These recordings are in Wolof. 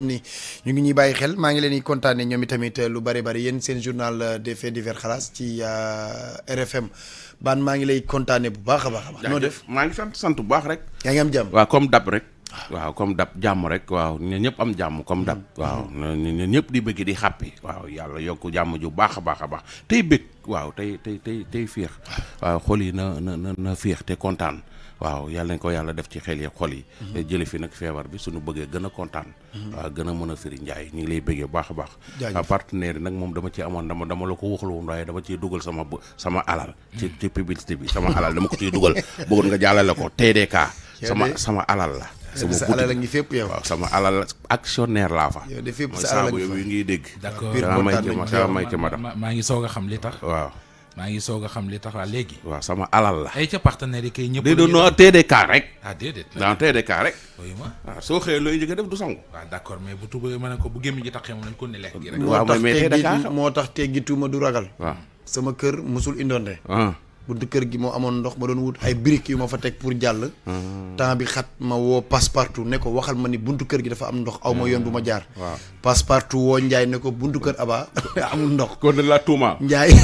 ni ñu ngi ñuy bàyyi xel maa ngi leen di kontaane ñoom itamit lu bari bari yéen seen journal des faits divers xalaas ci euh, RFM baan maa ngi lay kontaane bu baax a baax a baax noo def maa ngi sant sant bu baax rek yaa ngi am jàmm waaw comme dab rek comme dab jàmm rek waaw ne ñëpp am jàmm comme dab mm-hmm. waaw ne ñëpp di bëgg di xàppi waaw yàlla yokk jàmm ju baax a baax a baax tey bëgg waaw tey tey tey tey fiix ah. waaw xool na na na fiix te kontaan waaw yàlla nañ ko yàlla def ci xel yi xol yi mhm. jële fi nag feebar bi suñu bëggee gën a kontaan mhm. waaw gën a mën a firi njaay ñu ngi lay bëggee baax a baax partenaire yi nag moom dama ci amoon dama dama la ko waxul woon waaye dama ciy dugal sama sama alal ci mhm. ci publicité bi sama alal dama ko ciy dugal bëggoon nga jàllale ko TDK sama sama alal la sama alal a ngi fépp yow waaw sama alal actionnaire laa fa yow de sa alal a ngi fa dégg d'accord may ci ma may ci maa ngi soog a xam li tax waaw maa ngi soog a xam li tax léegi. waaw sama alal la. ay ca partenaires yi kay ñëpp. déedéet non TDK rek. ah déedéet. dans TDK rek. oui ma waaw soo xëyee looy njëkk def du sangu. waaw d'accord mais bu tuba ma ne ko bu gémmiñ ji tax moom lañ ko ne lekk gi rek. waaw mais moo tax teggi tuuma du ragal. waaw sama kër mosul indonde. Ah. buntu kër gi moo amoon ndox ma doon wut ay briques yu ma fa teg pour jàll. temps bi xat ma woo Passepartout ne ko waxal ma ni buntu kër gi dafa am ndox aw ma yoon bu ma jaar. Hmm. waaw Passepartout woo Ndiaye ne ko buntu kër Aba amul ndox. kon la tout tuuma. Ndiaye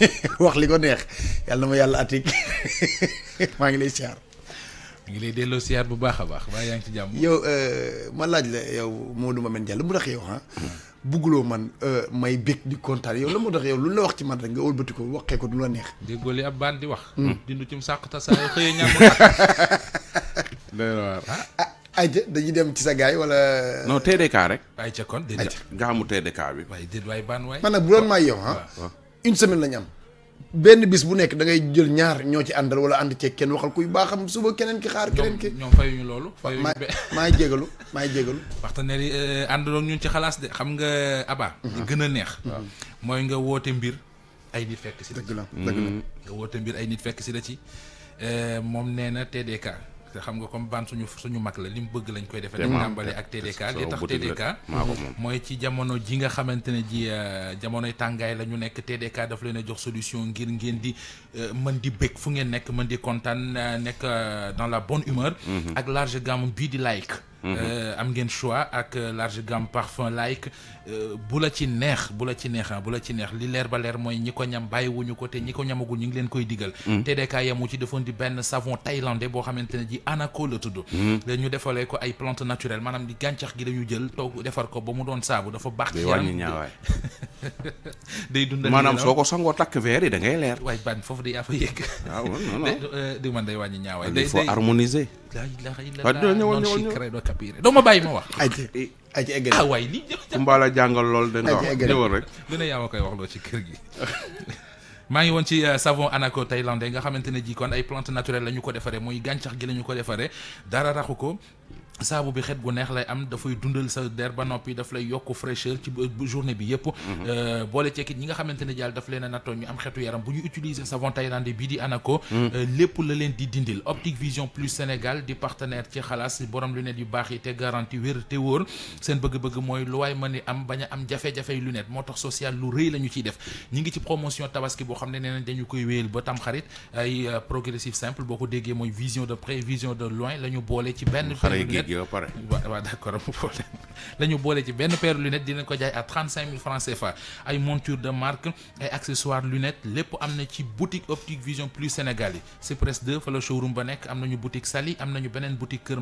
wax li ko neex yàlla na ma yàlla atik maa ngi lay siyaar. ngi lay delloo siyaar bu baax a baax waaye yaa ngi ci jàmm. yow euh, ma laaj la moo yow Modou Mamène Diallo mu tax yow ah. Hmm. bugguloo man euh, may bég di kontaan yow la moo tax yow lu la wax ci man rek nga wëlbati ko waxee ko du la neex. déggoo li ab baan di wax. Hmm. dindu cim sàq ta saa yoo xëyee ñàmm ah. ah ayca dañuy dem ci sa gaay wala. non TDK rek. ayca kon déedéet ayca nga xamul TDK bi. waaye déet waay ban waay. man nag bu doon may yow ah. une semaine lañ am. benn bis bu nekk dangay jël ñaar ñoo ci àndal wala ànd ceeg kenn waxal kuy baaxam suba keneen ki xaar keneen ki ñoom ñu loolu fayuñu maa maay jégalu maay jégalu partenaires yi euh, àndaloon ñun ci xalaas de xam nga Abba di mhm. gën a neex mhm. mooy nga woote mbir ay nit fekk si la dëgg la dëgg la nga woote mbir ay nit fekk si la ci euh, moom nee na TDK te xam nga comme ban suñu suñu mag la li mu bëgg lañ koy defee. dañ tàmbale ak TDK li tax TDK. mooy ci jamono ji nga xamante ne ji jamonoy tàngaay la ñu nekk TDK dafa leen a jox solution ngir ngeen di mën di bëgg fu ngeen nekk mën di kontaan nekk dans la bonne humeur. ak large gamme bii di like. Euh, mhm. am ngeen choix ak euh, large gamme parfum like euh, bu la ci neex bu la ci neex ah, bu la ci neex li leer ba leer mooy ñi ko ñam bàyyiwuñu ko te ñi ko ñamagul ñu ngi leen koy digal mhm. TDK yamu ci defoon di benn savon thaïlandais boo xamante ne ji anako la tudd mhm. ñu defalee ko ay plante naturelle maanaam di gàncax gi dañu jël toog defar ko ba mu doon saabu dafa baax ci yaram day dundal maanaam soo ko sangoo takk verre yi da ngay leer waay ban foofu day yaa fa yëgg ah, waaw non non di man day wàññi ñaawaay il faut harmoniser la ilaha illallah non si credo capire doo ma bàyyi ma wax. ay ci ay ci eggali waay lii jë. Mbaala jàngal lool da nga wax ñëwal rek. lu ne yaa koy wax loo ci kër gi. maa ngi woon ci euh, savon anaco thaïlandais nga xamante ne ji kon ay plantes naturelles la ñu ko defaree muy gàncax gi la ñu ko defaree dara raxu ko. ça vous xet bonheur neex lay am dafay dundal sa derba nopi noppi daf lay fraîcheur qui journée bi pour mhm. euh, boole qui ñi nga xamante ne daf a ñu am xetu yaram bu ñu utiliser savon thaïlandais bii di Anako mhm. euh, lépp la di dindil Optique Vision Plus Sénégal di partenaire ci xalaas borom lunette yu du yi était garanti wér te c'est un bëgg-bëgg moi lu waay am banya, am jafé jafé lunette moo social lu rëy la nuit def ñi ngi ci promotion tabaski bo xam ne nee nañ dañu koy wéyal ba tam xarit euh, progressif simple beaucoup ko déggee vision de près vision de loin la ñu boole ci benn d'accord mon lunettes à 35 000 francs CFA une monture de marque et accessoires lunettes lépp amnésie boutique optique vision plus Sénégal c'est presque deux fa le showroom ba nek, boutique Sali nous avons une boutique Keur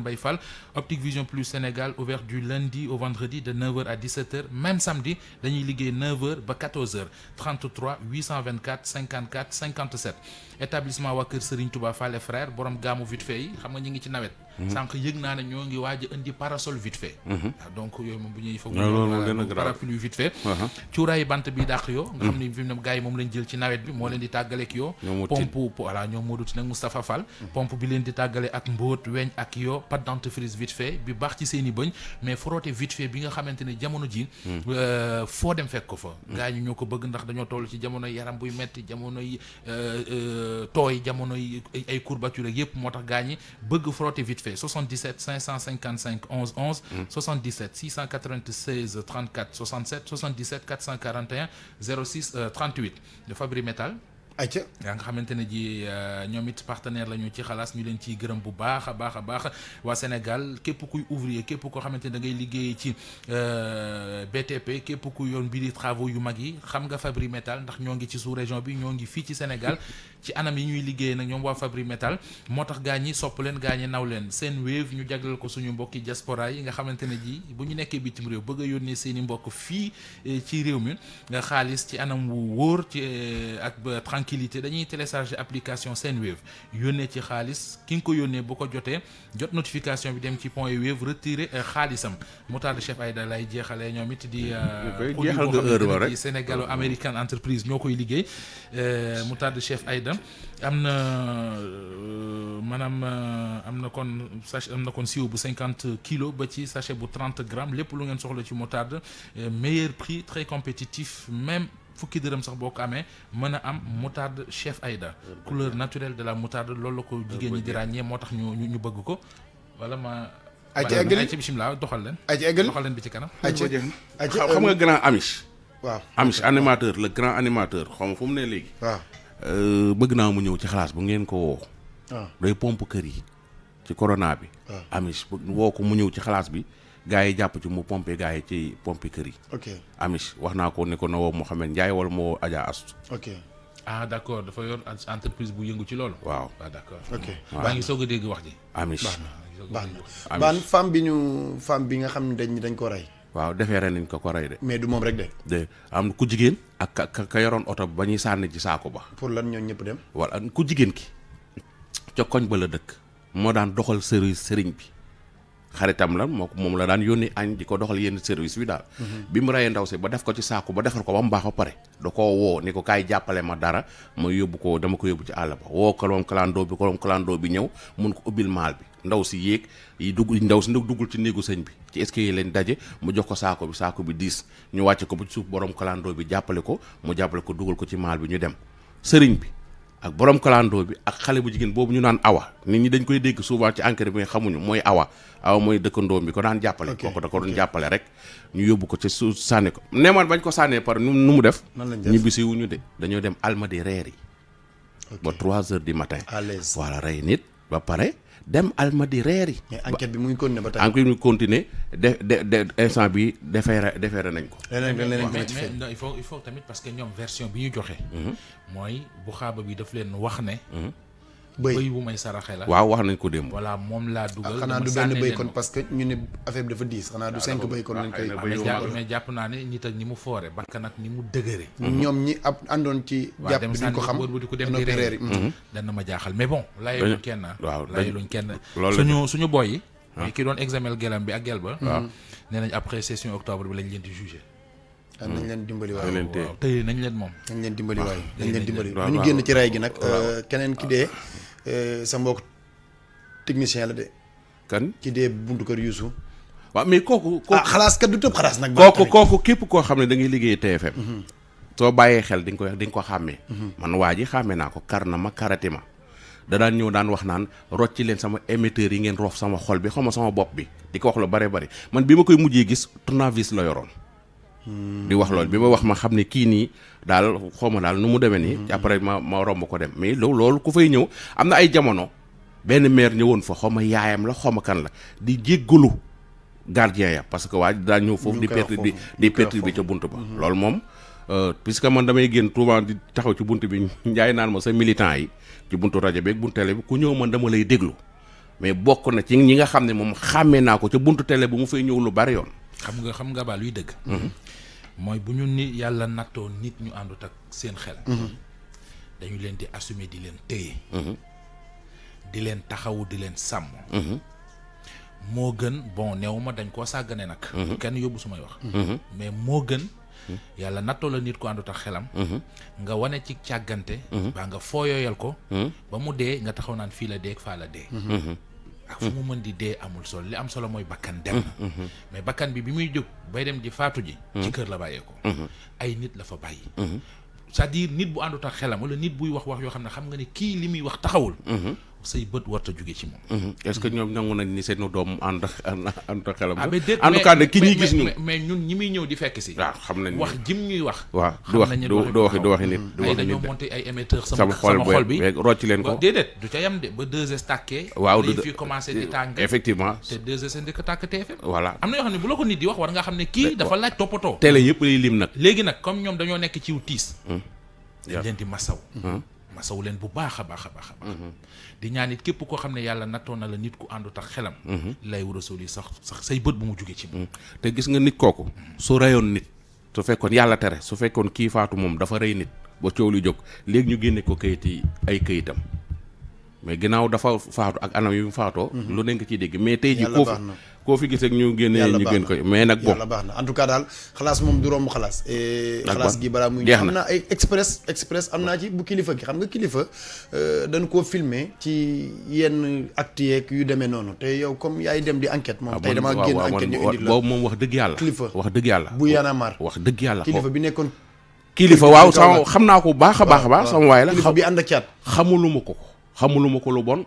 optique vision plus Sénégal ouvert du lundi au vendredi de 9h à 17h même samedi dañuy liggéey 9h à 14h 33 824 54 57 établissement waa kër Serigne Touba Fall frère borom gaamu vite fait yi xam nga ñu ngi ci nawet. Mhm. sànq yëg naa ne ñoo ngi waaj indi parasol vite fait. Mhm. Ah, donc moom ñuy foog. Ah, loolu gën a uh-huh. cuuraayu bant bi dàq yoo. nga xam mhm. ne fi mu ne yi moom lañ jël ci nawet bi moo leen di tàggaleeg yoo. ñoom pompe voilà ñoom moo duti nag Moustapha Fall. pompe bi leen di tàggale ak mbóot weñ ak yoo pâte dentifrice vite fait bi baax ci seen i bëñ mais frotté vite fait bi nga xamante ne jamono ji euh, foo dem fekk ko fa. gars yi ñoo ko bëgg ndax dañoo toll ci jamono yaram buy metti jamono yi euh, euh, toy jamono ay courbature ak yëpp moo tax bëgg frotter vite fait 77 555 11 11. 77 696 34 67 77 441 06 38 de Fabri Metal. tiens. yaa nga xamante ne ji nous euh, sommes partenaire la ci xalaas ñu leen bu a baax a Sénégal képp kuy ouvrier képp da ngay liggéey ci euh, BTP képp kuy yoon travaux yu mag yi xam nga Fabri Metal ndax ñoo ngi ci sous région bi ñoo ngi ci Sénégal ci anam yi ñuy liggéey nak ñom wa Fabri Metal motax tax gaa ñi sopp leen gaa ñi naw leen seen wave ñu jagal ko suñu mbokki diaspora yi nga xamantene ji bu ñu nekkee bitim réew bëgg a seen mbokk fi eh, ci rew mi nga xaalis ci anam wu woor ci eh, ak tranquillité dañuy télécharger application seen wave yone ci xaalis ki nga ko yónnee bu ko joté jot notification bi dem ci point wave retirer eh, xaalisam Moutarde Chef ayda lay jéxalé ñom it di euh, produit boo xamante ne Sénégalo américaine entreprise ñokoy koy liggéey euh, Moutarde Chef ayda Amna, 50 kg, kon kilos ba ci sachet bu grammes lepp lu ngeen soxla euh, meilleur prix très compétitif même fukki deureum sax am chef Aïda couleur naturelle de la moutarde lolou Motard, ko jigéen ñi di ràññee motax ñu ñu ma aji doxal doxal bi ci kanam xam grand Amish waaw Amish animateur le grand animateur Euh, bëgg naa mu ñëw ci xalaas bu ngeen ko woo. Ah. day pompe kër yi ci corona bi. Ah. amis woo ko mu ñëw ci xalaas bi gars yi jàpp ci mu pompe gars yi ci pompe kër yi. ok amis wax naa ko ne ko na woo Mouhamed Ndiaye wala moo woo Adja Astu. ok ah d' accord dafa yor entreprise bu yëngu ci loolu. waaw waaw ah, d' ngi soog a dégg wax ji. amis baan baan femme bi ñu femme bi nga xam ne dañ dañ ko rey. waaw defeere nañ ko ko rey de. mais du moom rek de. de am ku jigéen ak ka ka yoroon oto ba ñuy sànni ci saako ba. pour lan ñoo ñëpp dem. wala ku jigéen ki ca koñ ba la dëkk moo daan doxal service sëriñ bi xaritam la moo moom la daan yónni añ ko doxal yenn service bi daal. Mhm. bi mu reyee ndaw si ba def ko ci saako ba defal ko ba mu baax ba pare. da koo woo ni ko kaay jàppale ma dara ma yóbbu ko dama ko yóbbu ci àll ba woo ko loom kalandoo bi ko loom kalandoo bi ñëw mun ko ubbil maal bi. ndaw si yéeg yi dugg ndaw si nag duggul ci néegu sëñ bi ci est-ce que yi leen daje mu jox ko saako bi saako bi diis ñu wàcce ko bu suuf borom kalandoo bi jàppale ko mu jàppale ko dugal ko ci maal bi ñu dem sëriñ bi ak borom kalandoo bi ak xale bu jigéen boobu ñu naan awa nit ñi dañ koy dégg souvent ci enquête bi nga xamuñu mooy awa awa mooy dëkkandoom bi ko daan jàppale kooku da ko doon jàppale rek ñu yóbbu ko ci suuf sànni ko neemaan bañ ko sànnee par nu mu def ñibbisi wuñu de dañoo dem almadi reer yi ba trois heures du matin voilà rey nit ba pare dem Almadi reeri. mais enquête bi mu ngi continuer ba tey. enquête bi mu ngi continuer bi defeere defeere nañ ko. mais mais il faut il faut tamit parce que ñoom version bi ñu joxe. Mhm. mooy bu xaaba bi daf leen wax ne. Mhm. bëy bu may saraxe la waaw wax nañ ko démb voilà moom laa dugal xanaa du benn bëy kon parce que ñu ne affaire bi dafa diis xanaa du ah, cinq bëy kon ah, lañ koy mais jàpp naa ne nit ak ni mu foore bakkan ak ni mu dëgëre mm-hmm. ñoom ñi ab àndoon ci jàpp bi duñ ko xam bu di ko dem di reer yi mm-hmm. mm-hmm. dana ma jaaxal mais bon layeluñ kenn waaw layeluñ kenn suñu suñu boy yi mais ki doon examen gelam bi ak gel ba nee nañ après session octobre bi lañ leen di jugé ah, nañ leen dimbali waay waaw tey nañ leen moom nañ leen dimbali waay nañ leen dimbali bu ñu génn ci ray gi nag euh, keneen ki dee Eh, sa mbokk technicien la de. kan ci dee buntu kër Youssou. waaw mais kooku. Ah, kooku ah xalaas kat du tëb xalaas nag. kooku kooku képp koo xam ne da ngay liggéey TFM. Mhm. soo bàyyee xel di ko di nga xàmmee. Mhm. man waa ji xàmmee naa ko kar na ma karati ma. da daan ñëw daan wax naan rocci leen sama émetteur yi ngeen roof sama xol bi xaw ma sama bopp bi di ko wax lu bare bare man bi ma koy mujjee gis tournevis la yoroon. di wax loolu bi ma wax ma xam ne kii nii daal xaw ma daal nu mu demee nii. Mm-hmm. après ma ma romb ko dem mais loolu ku fay ñëw am na ay jamono benn maire ñëwoon fa xaw ma yaayam la xaw ma kan la di jéggalu gardien ya parce que waa daa ñëw foofu di perte di di perte bi ca bunt ba. Mm-hmm. loolu moom euh, puisque man damay génn souvent di taxaw ci bunt bi njaay naan ma sa militant yi ci buntu rajo beeg buntu télé bi ku ñëw man dama lay déglu mais bokk na ci ñi nga xam ne moom xàmmee naa ko ca buntu télé bu mu fay ñëw lu bari yoon. xam nga xam nga ba luy dëgg. Mhm. mooy bu ñu ni yàlla nattoo nit ñu àndut ak seen xel. Mhm. dañu leen di assumer di leen téye. Mhm. di leen taxawu di leen sàmm. moo gën bon néew ma dañ koo sàggane nag. kenn yóbbu su may wax. mais moo gën. yàlla nattoo la nit ku àndut ak xelam. nga wane ci càggante. baa nga fooyoyal ko. ba mu dee nga taxaw naan fii la dee ak faa la dee. fu mu mën di dee amul solo li am solo mooy bakkan dem na mm-hmm. Mm-hmm. mais bakkan bi bi muy jóg bay dem ji faatu ji ci mm-hmm. kër la bàyyeeko ay nit la fa bàyyi cest nit bu àndut ak xelam wala nit buy wax wax yoo xam ne xam nga ne kii li muy wax taxawul say bët warta jóge ci moom. Mhm. est-ce que ñoom nangu nañ ni seen doom ànd ànd xelam. ah mais déet en tout cas nag ki ñuy gis ñun. mais ñun ñi muy ñëw di fekk si. waaw ah, xam nañ wax jim ñuy wax. waaw du wax du wax du wax nit. du wax nit dañoo monté ay émetteur sama sama xol bi rocc leen ko. déedéet du ca yam de ba 2S tàkkee. waaw du fi commencé di tàng. effectivement te 2S ndëkk tàkk TFM. voilà am na yoo xam ne bu la ko nit di wax war nga xam ne kii dafa laaj toppatoo. télé yëpp lay lim nag. léegi nag comme ñoom dañoo nekk ci tiis. Hmm. dañ leen di masaw hmm. masawu leen bu baax a baax a baax a baax mhm. di ñaan képp koo xam ne yàlla nattoon na la nit ku àndu tax xelam mhm. lay war a soli sax sax say bët bu mu jugee ci moom mhm. te gis nga nit kooku su reyoon nit su fekkoon yàlla tere su fekkoon kii faatu moom dafa rey nit ba coow li jóg léegi ñu génne ko kayit yi ay kayitam mais ginnaaw dafa faatu ak anam yu mu faatoo. Mhm. lu nekk ciy dégg mais tey ji koo fi koo fi gis ak ñu génnee ñu gën koy mais nag bon yàlla en tout cas daal xalaas moom du romb xalaas. xalaas balaa muy am na ay express express am naa ci bu kilifa gi xam nga kilifa euh, dañ koo filmé ci yenn actes yeeg yu demee noonu te yow comme yaay dem di enquête moom ah, tey damaa génn enquête indi la boobu moom wax dëgg yàlla kilifa wax dëgg yàlla bu yanamar wax dëgg yàlla kilifa bi nekkoon kilifa waaw sama xam naa ko baax a baax a baax sama waay la kilifa bi ànd ak caat xamuluma ko xamuluma ko lu bon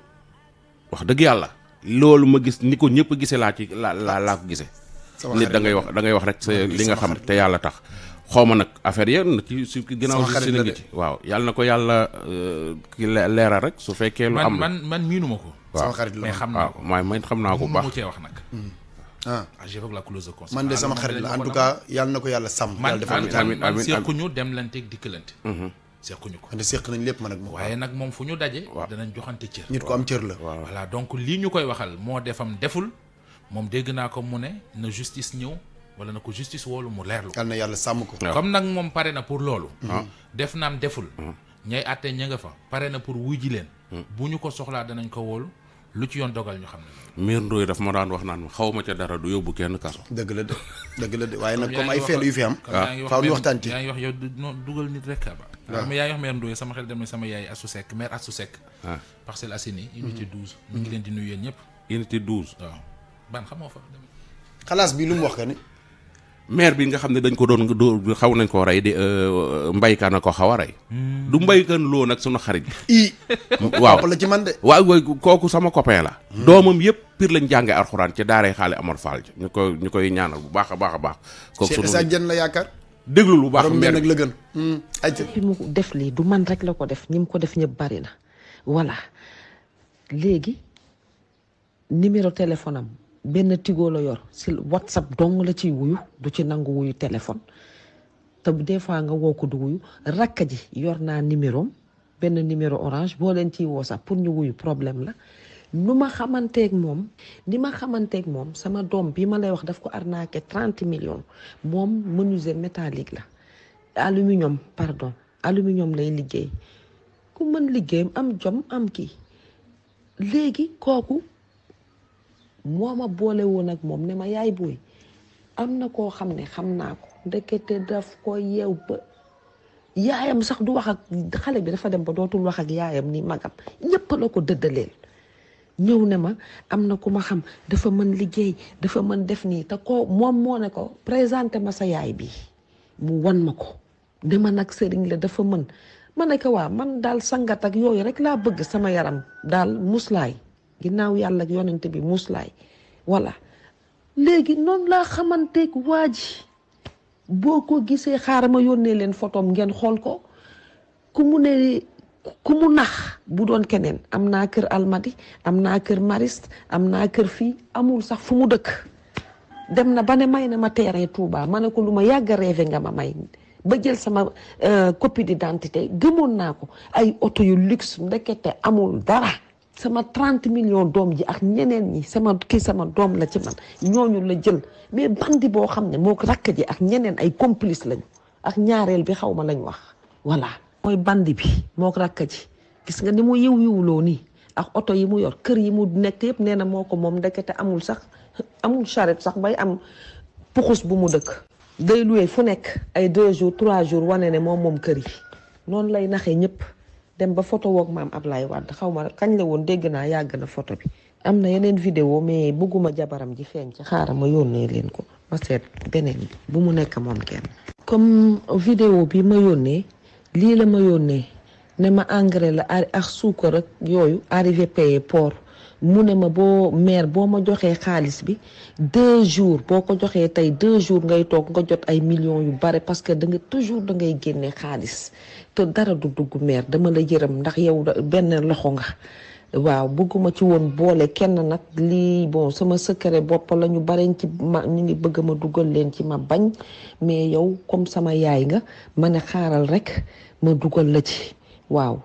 wax dëgg yàlla loolu ma gis ni ko ñëpp gise laa ci laa laa laa ko gisee nit da ngay wax da ngay wax rek sa li nga xam te yàlla tax xaw ma nag affaire ya na ci su ginnaaw si na ngi waaw yàlla ko yàlla euh, ki leeral rek su fekkee lu am man man miinuma ko sama xarit la xam naa ko man xam naa ko bu baax cee wax nag hmm. ah, ah, ah j'évoque la clause man de ah, sama xarit la en tout cas yàlla na ko yàlla sàmm yàlla defal ko amiin amiin seeku ñu demlante ak dikkalante mm-hmm. sequñu ko. xanaa seq nañ lépp man ak moom. waaye nag moom fu ñu daje. danañ joxante cër. nit ko am cër la. voilà donc lii ñu koy waxal moo defam deful moom dégg naa ko mu ne na justice ñëw. wala na ko justice woolu mu leerlu. yal na yàlla sàmm ko. comme nag moom pare na pour loolu. Mm-hmm. Mm-hmm. def naam deful. Mm-hmm. ñay àtte ña nga fa. pare na pour wuy ji leen. bu ñu ko soxlaa danañ ko woolu lu ci yoon dogal ñu xam ne. miir Ndoye daf ma daan wax naan xaw ma ca dara du yóbbu kenn kaso. dëgg la de dëgg la de waaye nag comme ay fenn yu fi am. waaw faaw ñu waxtaan ci yaa ngi wax dugal nit rek ba. Ah, yaa ngi wax maire Ndoye sama xel dem na sama yaay Assou Seck maire Assou Seck. waaw ah. Parcelles Assainies. Mhm. unité 12. ñu ngi mhm. leen di nuyu yéen ñëpp. unité 12. waaw ban xamoo fa. xalaas bi lu mu wax que ni. maire bi nga xam ne dañ ko doon xaw nañ koo rey di euh, mbaykaan a ko xaw a rey. Hmm. du mbaykaan loo nag sunu xarit. i waaw la ci man de. waaw kooku sama copain la. Hmm. doomam yëpp pire lañ jàngee arxuraan ci daaray xaale Amar Fall ñu koy ñu koy ñaanal bu baax a baax a baax. kooku sunu Cheikh Dieng la yaakaar. déglul bu baax maire nag la gën. Hmm. ayca fi mu def lii du man rek la ko def ñi mu ko def ñëpp bari na voilà léegi numéro téléphone benn tigo la yor si whatsapp dong la ciy wuyu du ci nangu wuyu téléphone te des fois nga woo ko du wuyu rakk ji yor naa numéro benn numéro orange boo leen ciy woo sax pour ñu wuyu problème la nu ma xamanteeg moom ni ma xamanteeg moom sama doom bi ma lay wax daf ko arnaqué trente million moom menuisier métallique la aluminium pardon aluminium lay liggéey ku mën liggéeyam am jom am kii léegi kooku moo ma boole woon ak moom ne ma yaay booy am na koo xam ne xam naa ko ndekete daf ko yeew ba yaayam sax du wax ak xale bi dafa dem ba dootul wax ak yaayam ni magam ñëpp la ko dëddaleel ñëw ne ma am na ku ma xam dafa mën liggéey dafa mën def nii te ko moom moo ne ko présenté ma sa yaay bii mu wan ma ko ne ma nag sëriñ la dafa mën ma ne ko waa man daal sangat ak yooyu rek laa bëgg sama yaram daal muslaay ginnaaw yàlla ak yonent bi muslaay voilà léegi noonu la xamanteeg waa ji boo ko gisee xaaral ma yónnee leen photom ngeen xool ko ku mu ne ku mu nax bu doon keneen am naa kër almadi am naa kër maris am na kër fii amul sax fu mu dëkk dem na ba ne may na ma terrain Touba ma ne ko lu ma yàgg a nga ma may ba jël sama euh, copie d'identité gëmoon naa ko ay oto yu luxe ndekete amul dara sama 30 million doom ji ak ñeneen ñi sama kii sama doom la ci man ñooñu la jël mais bandi boo xam ne moo rakk ji ak ñeneen ay complice lañu ak ñaareel bi xaw ma lañ wax voilà mooy bandi bi moo rakk ji gis nga ni mu yiw yiwloo nii ak oto yi mu yor kër yi mu nekk yëpp nee na moo ko moom ndekete amul sax amul charrette sax bay am puxus bu mu dëkk day luwe fu nekk ay deux jours trois jours wane ne moom moom kër yi noonu lay naxee ñëpp dem ba photo woog maam ab Ablaye Wade xaw ma kañ la woon dégg naa yàgg na photo bi am na yeneen vidéo mais bëgguma jabaram ji feeñ ci xaaral ma yónnee leen ko ma seet beneen bi bu mu nekk moom kenn comme vidéo bi ma yónnee lii la ma yónnee ne ma engrais la ak suukar yooyu arrivé payé port mu ne ma boo maire boo ma joxee xaalis bi deux jours boo ko joxee tey deux jours ngay toog nga jot ay millions yu bare parce que da nga toujours da ngay génne xaalis te dara du dugg maire dama la yërëm ndax yow benn loxo nga waaw bëgguma ci woon boole kenn nag lii bon sama secret bopp la ñu bare ci ma ñu ngi bëgg ma dugal leen ci ma bañ mais yow comme sama yaay nga ma ne xaaral rek ma dugal la ci waaw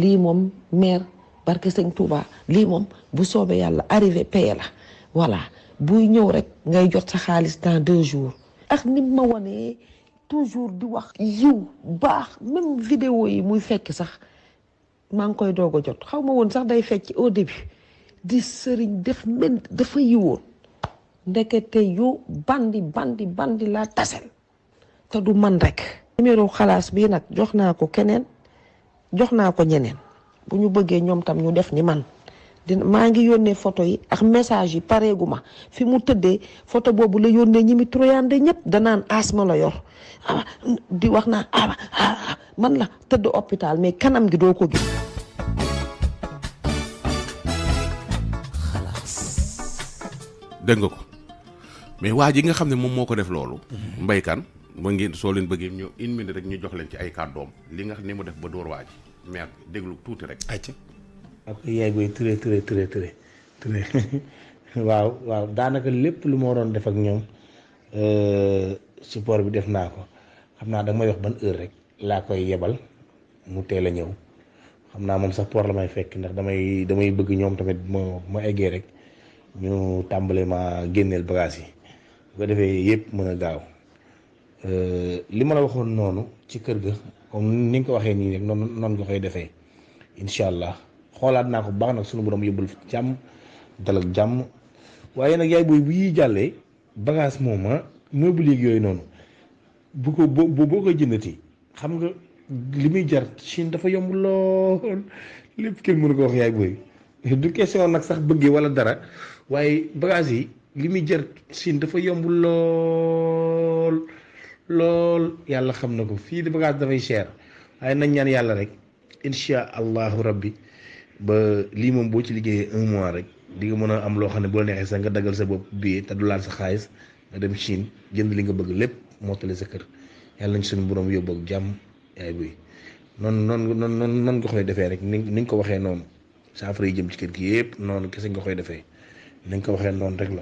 lii moom maire barke sëñ Touba lii moom bu soobee yàlla arrivé paye la voilà buy ñëw rek ngay jot sa xaalis dans deux jours ak ni ma wanee toujours di wax yiw baax même video yi muy fekk sax maa ngi koy doog a jot xaw ma woon sax day fekk au début di sëriñ def mën dafa yiwoon ndekete yu bandi bandi bandi laa tasel te du man rek numéro xalaas bii nag jox naa ko keneen jox naa ko ñeneen bu ñu bëggee ñoom tam ñu def ni man dina maa ngi yónnee photo yi ak message yi pareegu ma fi mu tëddee photo boobu la yónnee ñi mi troyande ñëpp danaan asma la yor ah, di wax naa ah, ah, man la tëdd hôpital mais kanam gi doo ko gis. dégg nga ko mais waa ji nga xam ne moom moo ko def loolu. Mhm. mbaykan ba ngeen soo leen bëggee ñu une minute rek ñu jox leen ci ay kàddoom li nga xam ne mu def ba dóor waa ji maire déglu tuuti rek. ayca. ak yaay booy ture ture ture ture waaw waaw daanaka lépp lu ma waroon def ak ñoom euh, support bi def naa ko xam naa da nga may wax ban heure rek laa koy yebal mu teel a ñëw xam naa moom sax port la may fekk ndax damay damay bëgg ñoom tamit ma ma eggee rek ñu tàmbale ma génneel bagage yi bu ko defee yëpp mën a gaaw euh, li ma la waxoon noonu. ci kër ga comme ni nga ko waxee nii rek noonu noonu koy defee incha allah xoolaat naa ko baax nag sunu borom yóbbul jàmm dal ak jàmm waaye nag yaay booy bu yiy jàllee bagage moom ah meuble yooyu noonu bu ko boo boo koy jëndati xam nga li muy jar Chine dafa yomb lool lépp kenn mënu ko wax yaay booy du nag sax bëggee wala dara waaye bagage yi li muy jar Chine dafa yomb lool. lool yàlla xam na ko fii di bagage dafay cher waaye nañ ñaan yàlla rek incha allahu rabbi ba lii moom boo ci liggéeyee un mois rek di nga mën a am loo xam ne boo la neexee sax nga daggal sa bopp bii te du laal sa xaalis nga dem Chine jënd li nga bëgg lépp mottali sa kër yàlla nañ suñu borom yóbbu ak jàmm yaay buy noonu noonu noonu noonu nga koy defee rek ni ni nga ko waxee noonu saafara yi jëm ci kër gi yëpp noonu kese nga koy defee ni nga ko waxee noonu rek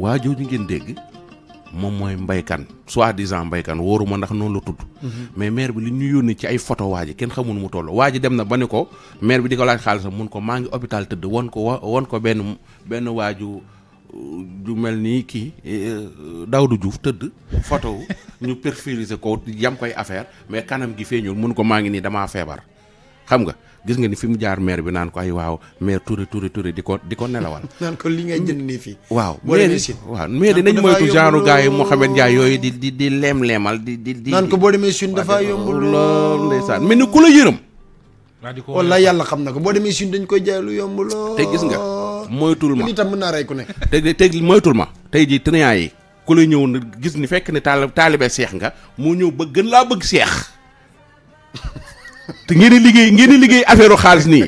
waa jooju ngeen dégg moom mooy mbaykan soi-disant mbaykan wóoruma ndax noonu la tudd mm-hmm. mais mair bi li ñu yónnee ci ay photo waa ji kenn xamul mu toll waa dem na ba ni ko maire bi di ko laaj xaalisam mun ko maa ngi hôpital tëdd won ko won ko benn benn waaju ju mel nii kii eh, Daouda juuf tëdd photo ñu perfiliser ko yam koy affaire mais kanam gi feeñul mun ko maa ngi nii damaa feebar xam nga gis nga ni fi mu jaar maire bi naan ko ay waaw maire Touré Touré Touré di ko di ko nelawal. naan ko li ngay jënd nii fii. waaw mais waaw mais dinañ moytu genre gars yi Mouhamed Ndiaye yooyu di di di leem-leemal di di di. naan ko boo demee Sine dafa yombul lool ndeysaan mais ni ku la yërëm. wala yàlla xam na ko boo demee Sine dañu koy jaay lu yomb lool. te gis nga moytul ma itam mën naa ku ne. te te moytul ma tey jii tenant yi ku lay ñëw na gis ni fekk ne taal taalibe seex nga moo ñëw ba gën laa bëgg seex te ngeen di liggéey ngeen di liggéey affaire xaalis nii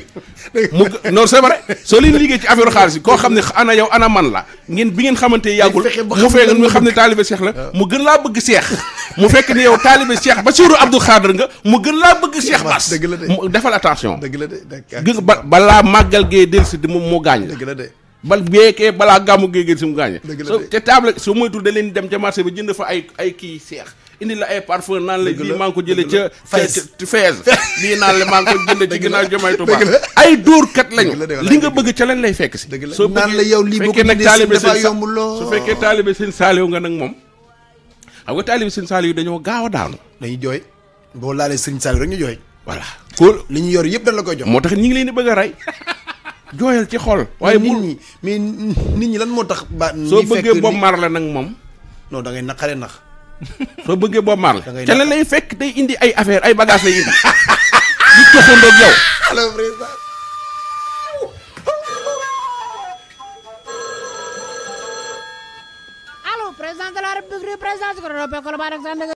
mu non c'est vrai soo leen liggéey ci affaire xaalis koo xam ne ana yow ana man la ngeen bi ngeen xamante yàggul mu fekk nga xam ne taalibe seex la ah. mu gën laa bëgg seex mu fekk ne yow taalibe seex Basiru Abdou Xaadir nga mu gën laa bëgg seex Bass defal attention la de ba balaa màggal gee del si di moom moo gaañ la dëgg la de bal beekee balaa gàmmu gee gën si mu gaañ la te table su moytul da leen dem ca marché bi jënd fa ay ay kii seex indi la ay parfum naan la lii maa ngi ko jëlee ca fees lii naan la maa ngi ko jëlee ci ginnaaw jomay Tuubaa ay dóorkat lañu li nga bëgg ca lañ lay fekk si soo naan la yow lii fekkee nag taalibe seen yomb loo su fekkee taalibe seen saaliw nga nag moom xam nga taalibe seen saaliw dañoo gaaw a daanu dañuy jooy boo la sëriñ saaliw rek ñu jooy voilà kool li ñu yor yëpp dañ la koy jox moo tax ñi ngi leen di bëgg a rey jooyal ci xol waaye nit ñi mais nit ñi lan moo tax ba soo bëggee Bob Marley nag moom non da ngay naqaree nax soo bëggee Bob Marley ca la fekk day indi ay affaire ay bagage lay indi di coxandoog de la